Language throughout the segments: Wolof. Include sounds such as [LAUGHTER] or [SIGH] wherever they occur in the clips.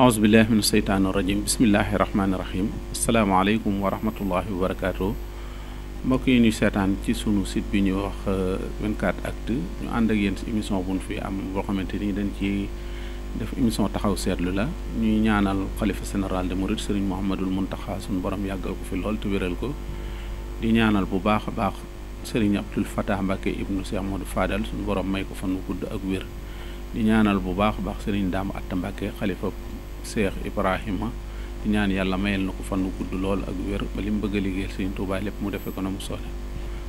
aousubillah min asheytaan irajim bismillahi irahmaaniirahim asalaamaaleykum wa rahmatullahi wa barakaatu mbokk yi ñu seetaan ci sunu sit bi ñuy wax 24 euh, actu ñu ànd ak yéen si émission buñ fii am boo xamante ni dañ ci def émission taxaw seetlu la ñuy ñaanal xalifa général de Mouride Serigne Mouhamadul Muntaxa suñu borom yàggal ko fi lool te wéral ko di ñaanal bu baax a baax Serigne Abdul Fatah Mbacke ibnu Cheikh Modou Fadal suñu borom may ko fan wu gudd ak wér di ñaanal bu baax baax Serigne Dame Atta Mbacke Cheikh Ibrahima di ñaan yàlla mayel na ko fan wu gudd lool ak wér ba mu bëgg a liggéeyal Sëriñ Tuubaa lépp mu defe ko na mu soole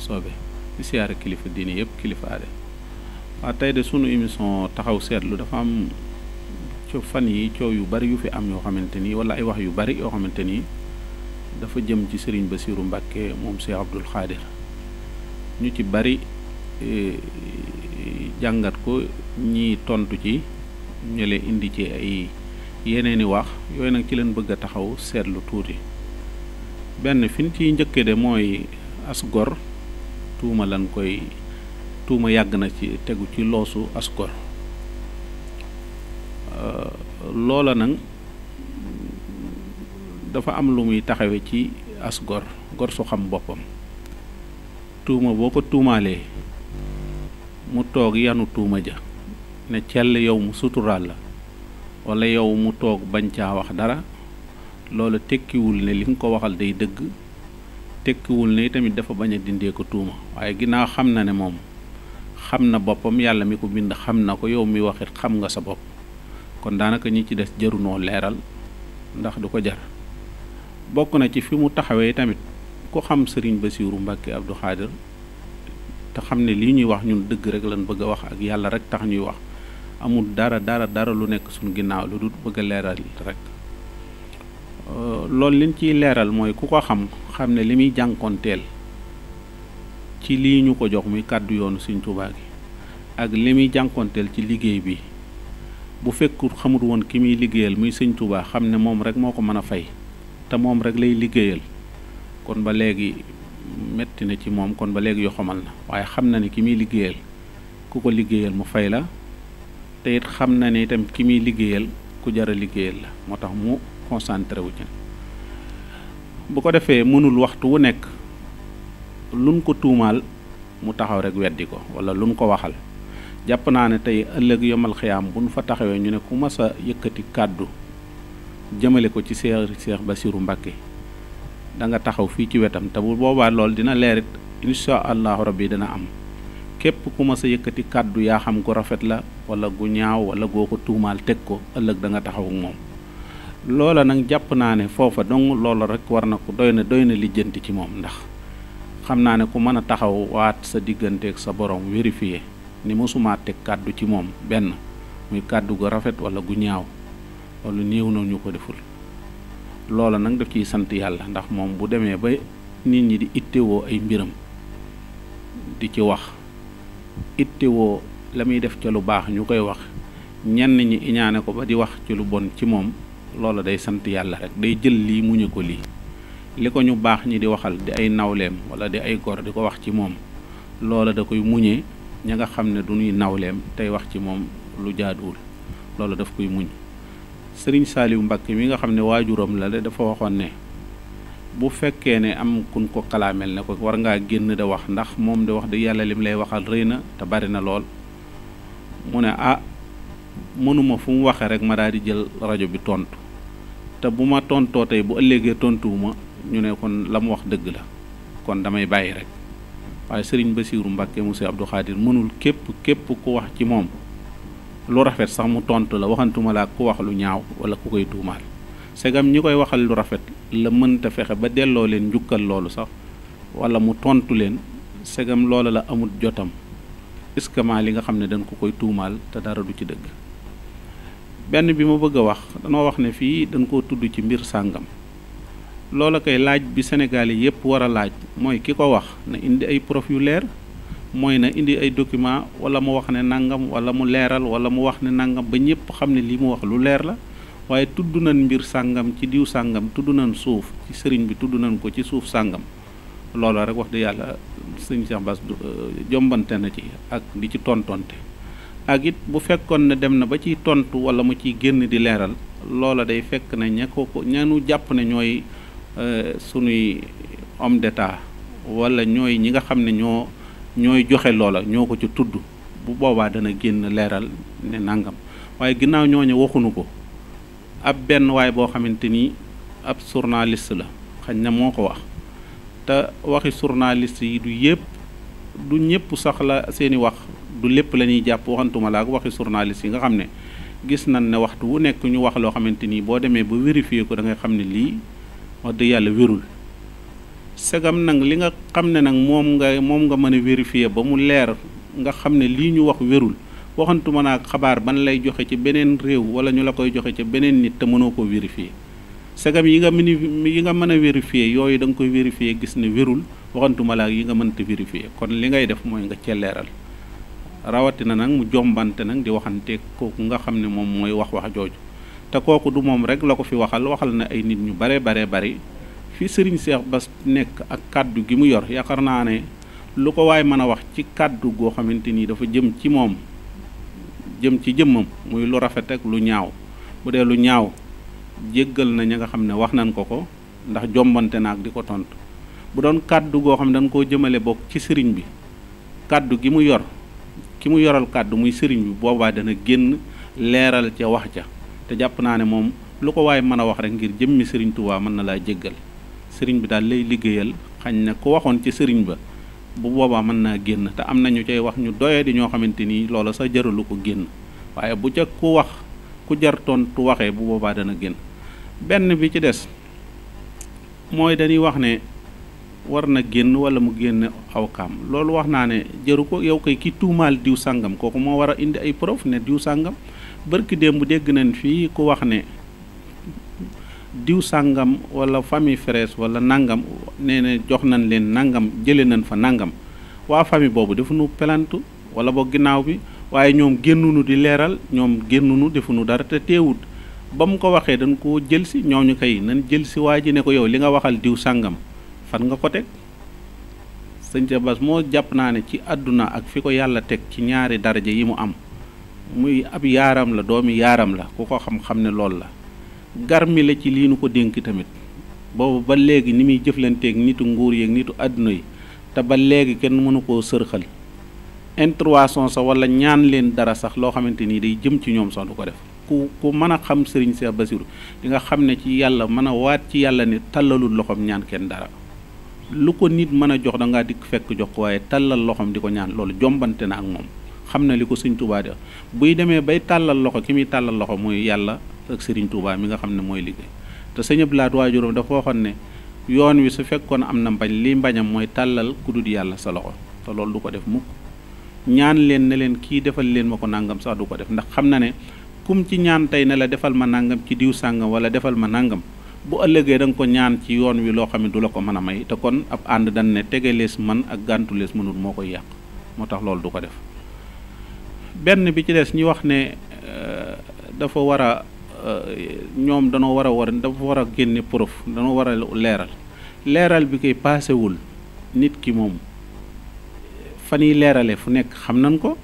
soobe di siyaare kilifa diine yëpp kilifa waa tey de sunu émission taxaw seetlu dafa am ci fan yi coow yu bari yu fi am yoo xamante ni wala ay wax yu bari yoo xamante ni dafa jëm ci Sëriñ Basiiru Mbàkke moom Cheikh Abdoul Khadir ñu ci bari e, jàngat ko ñii tontu ci ñële indi ci ay yeneen i wax yooyu nag ci leen bëgg a taxaw seetlu tuuti benn fin ciy njëkk de mooy as gor tuuma lan koy tuuma yàgg na ci tegu ci loosu as gor euh, loola nag dafa am lu muy taxawe ci as gor gor su xam boppam tuuma boo ko tuumaalee mu toog yanu tuuma ja ne cell yow mu suturaal la wala yow mu toog bañ caa wax dara loolu tekkiwul ne li nga ko waxal day dëgg tekkiwul ne tamit dafa bañ a dindee ko tuuma waaye ginnaaw xam na ne moom xam na boppam yàlla mi ko bind xam na ko yow mi waxit xam nga sa bopp kon daanaka ñi ci des jarunoo leeral ndax du ko jar bokk na ci fi mu taxawee tamit ku xam sëriñ Basiiru Mbàkke Abdu Xaadir te xam ne lii ñuy wax ñun dëgg rek lañ bëgg a wax ak yàlla rek tax ñuy wax amul dara dara dara lu nekk suñu ginnaaw lu dul bëgg a leeral rek loolu liñ ciy leeral mooy ku ko xam xam ne li muy jànkoonteel ci lii ñu ko jox muy kàddu yoonu Sëriñ Tuubaa ak li muy jànkoonteel ci liggéey bi bu fekkul xamut woon ki muy liggéeyal muy Sëriñ xam ne moom rek moo ko mën a fay te moom rek lay liggéeyal kon ba léegi metti na ci moom kon ba léegi yoo xamal na waaye xam na ne ki muy liggéeyal ku ko liggéeyal mu fay la te it xam na ni itam ki muy liggéeyal ku jar a liggéeyal la moo tax mu concentré wu ci bu ko defee mënul waxtu wu nekk luñ ko tuumaal mu taxaw rek weddi ko wala luñ ko waxal jàpp naa ne tey ëllëg yomal xiyaam bu nu fa taxawee ñu ne ku mas a yëkkati kàddu jëmale ko ci seex seex Basiru Mbàkke da nga taxaw fii ci wetam te bu boobaa loolu dina leerit incha allahu rabbi dina am képp ku mas a yëkkati kàddu yaa xam ku rafet la wala gu ñaaw wala goo ko tuumaal teg ko ëllëg danga nga taxaw moom loola nag jàpp naa ne foofa dong loola rek war na ko doy na doy na lijjanti ci moom ndax xam naa ne ku mën a taxaw waat sa diggante ak sa borom vérifier ni mosumaa teg kàddu ci moom benn muy kàddu gu rafet wala gu ñaaw loolu néew na ñu ko deful loola nag daf ciy sant yàlla ndax moom bu demee ba nit ñi di ittewoo ay mbiram di ci wax ittewoo la muy def ca lu baax ñu koy wax ñenn ñi iñaane ko ba di wax ci lu bon ci moom loola day sant yàlla rek day jël lii muñe ko lii li ko ñu baax ñi di waxal di ay nawleem wala di ay gor di ko wax ci moom loola da koy muñee ña nga xam ne du ñuy nawleem tey wax ci moom lu jaaduwul loola daf koy muñ sëriñ Saaliw Mbàkke mi nga xam ne waajuram la de dafa waxoon ne bu fekkee ne am kun ko kalaamel ne ko war ngaa génn de wax ndax moom de wax de yàlla lim lay waxal rëy na te bari na lool mu ne ah mënuma fu mu waxee rek ma daal di jël rajo bi tontu te bu ma tontoo tey bu ëllëgee tontuwuma ñu ne kon la mu wax dëgg la kon damay bàyyi rek waaye sëriñ Basiiru Mbàkke mu Sëriñ Abdou mënul képp képp ku wax ci moom lu rafet sax mu tontu la waxantuma laa ku wax lu ñaaw wala ku koy tuumaal segam ñi koy waxal lu rafet la mënta fexe ba delloo leen njukkal loolu sax wala mu tontu leen segam loola la amut jotam iskama li nga xam ne dañ ko koy tuumaal te dara du ci dëgg benn bi ma bëgg a wax danoo wax ne fii dañ koo tudd ci mbir sàngam loola koy laaj bi Sénégal yi yëpp war a laaj mooy ki ko wax na indi ay prof yu leer mooy na indi ay document wala mu wax ne nangam wala mu leeral wala mu wax ne nangam ba ñëpp xam ne li mu wax lu leer la waaye tudd nañ mbir sàngam ci diw sàngam tudd nañ suuf ci sëriñ bi tudd nañ ko ci suuf sàngam loola rek wax dëgg yàlla sëñ Cheikh Bass euh, jombante na ci ak di ci tontonte ak it bu fekkoon na dem na ba ciy tontu wala mu ciy génn di leeral loola day fekk ne ña ko ko ñanu jàpp ne ñooy euh, sunuy homme d'état wala ñooy ñi nga xam ne ñoo ñooy joxe loola ñoo ko ci tudd bu boobaa dana génn leeral ne nangam waaye ginnaaw ñooñu waxuñu ko ab benn waay boo xamante ni ab journaliste la xañ na moo ko wax te waxi journaliste yi du yëpp du ñëpp sax la seeni wax du lépp la ñuy jàpp waxantuma la ak waxi journaliste yi nga xam ne gis nañ ne waxtu wu nekk ñu wax loo xamante ni boo demee ba vérifier ko da ngay xam ne lii wax dëgg yàlla wérul segam nag li nga xam ne nag moom nga moom nga mën a vérifier ba mu leer nga xam ne lii ñu wax wérul waxantuma naa xabaar ban lay joxe ci beneen réew wala ñu la koy joxe ci beneen nit te mënoo koo vérifier sagam yi nga mën yi nga mën a vérifier yooyu danga koy vérifier gis ne wérul waxantuma la yi nga mënta vérifier kon li ngay def mooy nga celleeral rawatina nag mu jombante nag di waxante kooku nga xam ne moom mooy wax wax jooju te kooku du moom rek la ko fi waxal waxal na ay nit ñu bare bare bari fi Serigne Cheikh Bass nekk ak kàddu gi mu yor yaakaar naa ne lu ko waaye mën a wax ci kàddu goo xamante ni dafa jëm ci moom jëm ci jëmmam muy lu rafet ak lu ñaaw bu dee lu ñaaw. jéggal na ña nga xam ne wax nañ ko ko ndax jombante naag di ko tontu bu doon kàddu goo xam ne dañ koo jëmale bokk ci sëriñ bi kàddu gi mu yor ki mu yoral kàddu muy sëriñ bi boobaa dana génn leeral ca wax ja te jàpp naa ne moom lu ko waaye mën a wax rek ngir jëmmi sëriñ Tuubaa mën na laa jéggal sëriñ bi daal lay liggéeyal xañ na ku waxoon ci sëriñ ba bu boobaa mën naa génn te am nañu cay wax ñu doye di ñoo xamante nii loola sa jëralu ko génn waaye bu ca ku wax ku jar tontu waxee bu boobaa dana génn benn bi ci des mooy dañuy wax ne war na génn wala mu génn aw kaam loolu wax naa ne jëru ko yow koy ki tuumaal diw sàngam kooku moo war a indi ay preuve ne diw sàngam bërki démb dégg nañ fii ku wax ne diw sàngam walla famille Fraisse walla nangam nee na jox nañ leen nangam jële nañ fa nangam waa famille boobu defuñu plainte wala boog ginnaaw bi waaye ñoom génnunu di leeral ñoom génnunu defuñu dara te teewut ba mu ko waxee dañ ko jël si ñooñu koy nan jël si waa ji ne ko yow li nga waxal diw sàngam fan nga ko teg sëñ Cheikh Bass moo jàpp naa ne ci àdduna ak fi ko yàlla teg ci ñaari daraja yi mu am muy ab yaaram la doomi yaaram la ku ko xam-xam ne loolu la garmi la ci lii nu ko dénk tamit boobu ba léegi ni muy jëflanteeg nitu nguur yeeg nitu àdduna yi te ba léegi kenn mënu koo sërxal intervention sa wala ñaan leen dara sax loo xamante ni day jëm ci ñoom sax du ko def ku ku mën a xam sëriñ Cheikh Bassirou di nga xam ne ci yàlla mën a waat ci yàlla ne tàllalul loxoom ñaan kenn dara lu ko nit mën a jox da ngaa dikk fekk jox ko waaye tàllal loxoom di ko ñaan loolu jombante na ak moom xam na li ko sëñ Touba buy demee bay tàllal loxo ki muy tàllal loxo muy yàlla ak sëriñ Touba mi nga xam ne mooy liggéey te sëñ Abdou Lahad waajuram dafa waxoon ne yoon wi su fekkoon am na mbañ mooy tàllal ku dul yàlla sa loxo te def ñaan leen ne leen kii defal leen ma ko nangam sax du ko def ndax xam na ne kum ci ñaan tey na la defal ma nangam ci diw sàngam wala defal ma nangam bu ëllëgee da ko ñaan ci yoon wi loo xam ne du la ko mën a may te kon ab ànd dañ ne lees man ak gàntulees mënul moo koy yàq moo tax loolu du ko def benn bi ci des ñi wax ne euh, dafa war a euh, ñoom danoo war a war dafa war a génne prof danoo war a leeral leeral bi koy paasewul nit ki moom fa ñuy leerale fu nekk xam nañ ko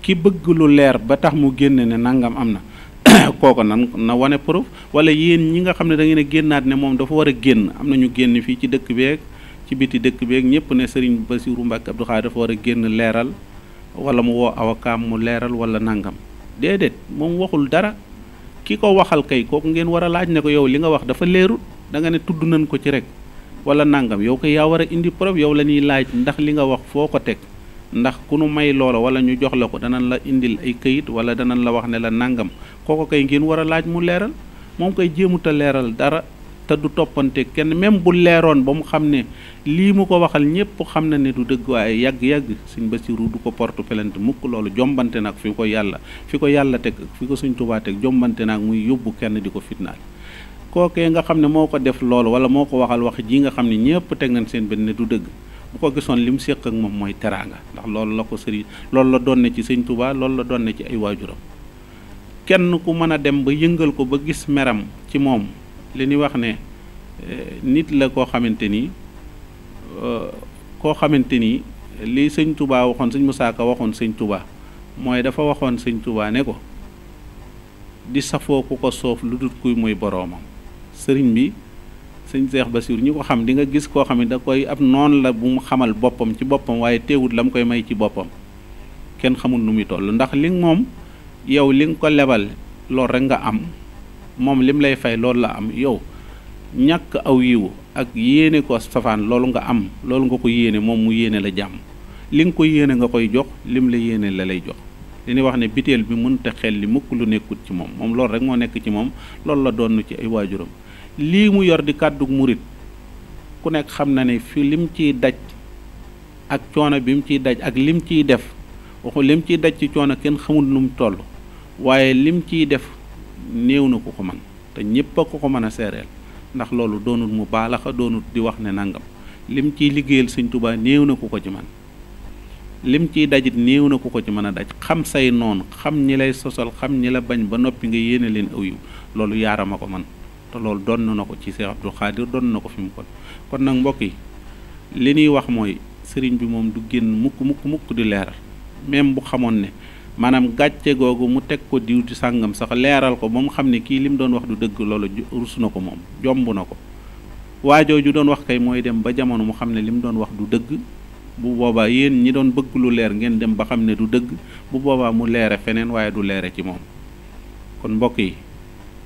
ki bëgg lu leer ba tax mu génn ne nangam am na [COUGHS] kooko nan na wane preuve wala yéen ñi nga xam ne danga ngeen génnaat ne moom dafa war a génn am na génn fii ci dëkk beeg ci biti dëkk beeg ñëpp ne Serigne Bassirou Mbacké Abdou Khadre dafa war a génn leeral wala mu woo awakaam mu leeral wala nangam déedéet moom waxul dara ki ko waxal kay kooku ngeen war a laaj ne ko yow li nga wax dafa leeru da nga ne tudd nañ ko ci rek wala nangam yow ko yaa war a indi preuve yow la ñuy laaj ndax li nga wax foo ko teg ndax ku nu may loola wala ñu jox la ko danañ la indil ay këyit wala danañ la wax ne la nangam kooko kay ngeen war a laaj mu leeral moom koy jéemuta leeral dara te du toppante kenn même bu leeroon ba mu xam ne lii mu ko waxal ñëpp xam na ne du dëgg waaye yàgg-yàgg sëñ Basiru du ko porte mukk loolu jombante nag fi ko yàlla fi ko yàlla teg fi ko sëñ jombante nag muy yóbbu kenn di ko fitnaal kookee nga xam ne moo ko def loolu wala moo ko waxal wax ji nga xam ne ñëpp teg nañ seen benn ne du dëgg bu ko gisoon li mu séq ak moom mooy teraanga ndax loolu la ko sëriñ loolu la doon ne ci sëñ Touba loolu la doon ne ci ay waajuram kenn ku mën a dem ba yëngal ko ba gis meram ci moom li ñuy wax ne eh, nit la koo xamante ni eh, koo xamante ni li sëñ tubaa waxoon sëñ Moussa Ka waxoon sëñ tubaa mooy dafa waxoon sëñ Touba ne ko di safoo ku ko soof lu dul kuy muy boroomam sëriñ bi. sëñ Seex Basiir ñi ko xam di nga gis koo xam ne da koy ab noonu la bu mu xamal boppam ci boppam waaye teewut la mu koy may ci boppam kenn xamul nu muy toll ndax li moom yow li nga ko lebal loolu rek nga am moom lim lay fay loolu la am yow ñàkk aw yiwu ak yéene ko safaan loolu nga am loolu nga ko yéene moom mu yéene la jàmm li nga ko yéene nga koy jox li lim la yéene la lay jox li ñuy wax ne biteel bi te xel li mukk lu nekkut ci moom moom loolu rek moo nekk ci moom loolu la doon ci ay waajuram lii mu yor di kàddug murit ku nekk xam na ne fi lim ciy daj ak coono bi mu ciy daj ak lim ciy def lim ciy daj ci coono kenn xamul nu mu toll waaye lim ciy def néew na ku ko man te ñépp a ko ko mën a seereel ndax loolu doonul mu baalaxa doonul di wax ne nangam lim ciy liggéeyal sëñ Tuubaa néew na ku ko ci man lim ciy dajit néew na ku ko ci mën a daj xam say noonu xam ñi lay sosol xam ñi la bañ ba noppi nga yéene leen aw loolu yaaram a ko man te loolu donn na ko ci Cheikh Abdou Khadir donn na ko fi mu kon kon nag mbokk yi li nuy wax mooy sëriñ bi moom du génn mukk mukk mukk di leeral même bu xamoon ne maanaam gàcce googu mu teg ko diw di sàngam sax leeral ko ba mu xam ne kii li mu doon wax du dëgg loolu rus na ko moom jomb na ko waajooju doon wax kay mooy dem ba jamono mu xam ne li mu doon wax du dëgg bu boobaa yéen ñi doon bëgg lu leer ngeen dem ba xam ne du dëgg bu boobaa mu leere feneen waaye du leere ci moom kon mbokk yi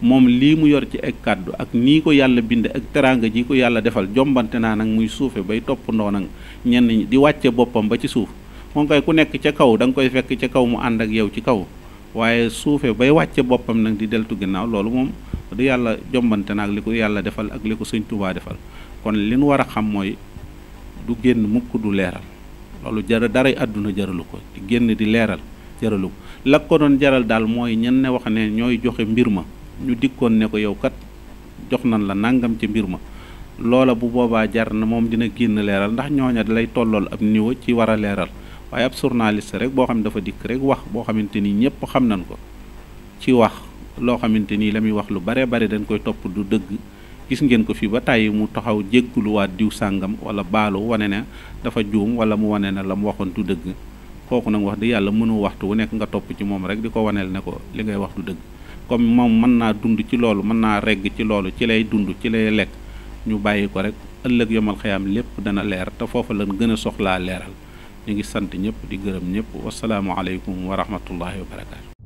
moom lii mu yor ci ak kàddu ak nii ko yàlla bind ak teraanga ji ko yàlla defal jombante naa nag muy suufe bay topp ndoo nag ñenn di wàcce boppam ba ci suuf moom ku nekk ca kaw da koy fekk ca kaw mu ànd ak yow ci kaw waaye suufe bay wàcce boppam nag di deltu ginnaaw loolu moom du yàlla jombante naag li ko yàlla defal ak li ko sëñ Tuubaa defal kon li nu war a xam mooy du génn mukk du leeral loolu jar daray àdduna jaralu ko génn di leeral jaralu ko la ko doon jaral daal mooy ñen ne wax ne ñooy joxe mbir ma ñu dikkoon ne ko yow kat jox nañ la nangam ci mbir ma loola bu boobaa jar na moom dina génn leeral ndax ñooña lay tollool ab niveau ci war a leeral waaye ab journaliste rek boo xam ne dafa dikk rek wax boo xamante ni ñëpp xam nañ ko ci wax loo xamante ni la muy wax lu bare bare dañ koy topp du dëgg gis ngeen ko fii ba tàyyi mu taxaw waa diw sàngam wala baalo wane na dafa juum wala mu wane na la mu waxoon du dëgg kooku nag wax dëgg yàlla mënu waxtu wu nekk nga topp ci moom rek di ko waneel ne ko li ngay wax du dëgg comme moom mën naa dund ci loolu mën naa regg ci loolu ci lay dund ci lay lekk ñu bàyyi ko rek ëllëg yomal xayaam lépp dana leer te foofa lan gën a soxlaa leeral ñu ngi sant ñëpp di gërëm ñëpp wasalaamualeykum wa rahmatullahi wa barakaatu